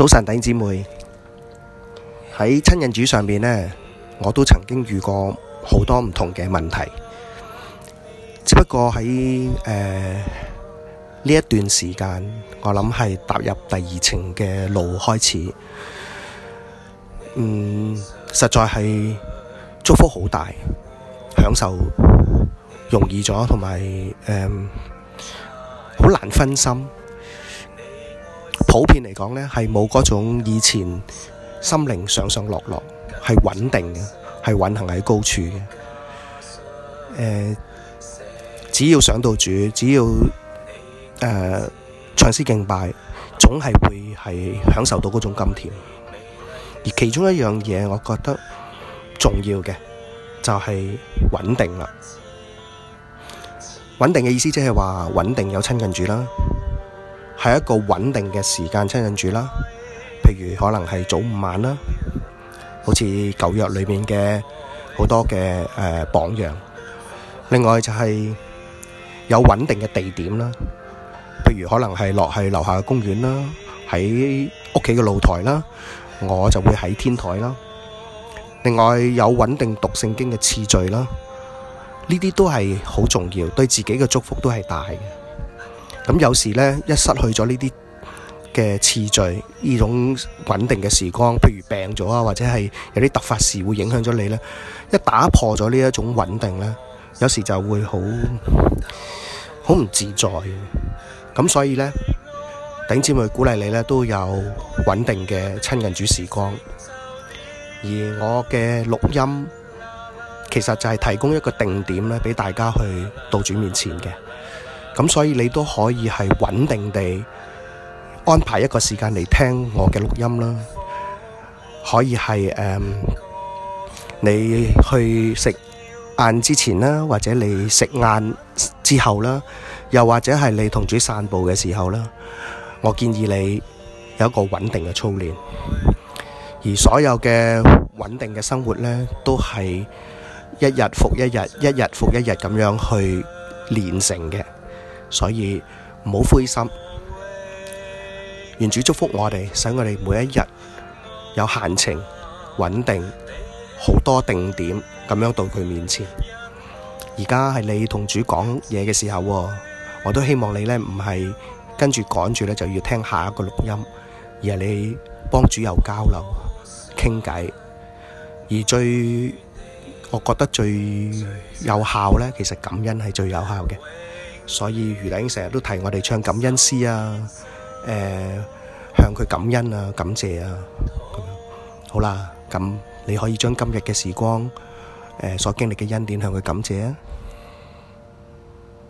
早晨姐，弟姊妹喺親近主上邊呢，我都曾經遇過好多唔同嘅問題，只不過喺誒呢一段時間，我諗係踏入第二程嘅路開始，嗯，實在係祝福好大，享受容易咗，同埋誒好難分心。普遍嚟講呢係冇嗰種以前心靈上上落落，係穩定嘅，係穩行喺高處嘅。呃，只要想到主，只要誒唱詩敬拜，總係會係享受到嗰種甘甜。而其中一樣嘢，我覺得重要嘅就係穩定啦。穩定嘅意思即係話穩定有親近主啦。係一個穩定嘅時間親近主啦，譬如可能係早午晚啦，好似舊約裏面嘅好多嘅誒、呃、榜樣。另外就係有穩定嘅地點啦，譬如可能係落去樓下嘅公園啦，喺屋企嘅露台啦，我就會喺天台啦。另外有穩定讀聖經嘅次序啦，呢啲都係好重要，對自己嘅祝福都係大嘅。咁有時呢，一失去咗呢啲嘅次序，呢種穩定嘅時光，譬如病咗啊，或者係有啲突發事會影響咗你呢。一打破咗呢一種穩定呢，有時就會好好唔自在嘅。咁所以呢，頂姊妹鼓勵你呢，都有穩定嘅親近主時光，而我嘅錄音其實就係提供一個定點呢，俾大家去到主面前嘅。咁所以你都可以係穩定地安排一個時間嚟聽我嘅錄音啦。可以係誒你去食晏之前啦，或者你食晏之後啦，又或者係你同主散步嘅時候啦。我建議你有一個穩定嘅操練，而所有嘅穩定嘅生活呢，都係一日復一日，一日復一日咁樣去練成嘅。所以唔好灰心，願主祝福我哋，使我哋每一日有閒情、穩定、好多定點咁樣到佢面前。而家係你同主講嘢嘅時候，我都希望你呢唔係跟住趕住呢就要聽下一個錄音，而係你幫主有交流、傾偈。而最我覺得最有效呢，其實感恩係最有效嘅。所以余大英成日都提我哋唱感恩詩啊，誒、呃，向佢感恩啊，感謝啊，咁樣好啦，咁你可以將今日嘅時光，誒、呃，所經歷嘅恩典向佢感謝啊。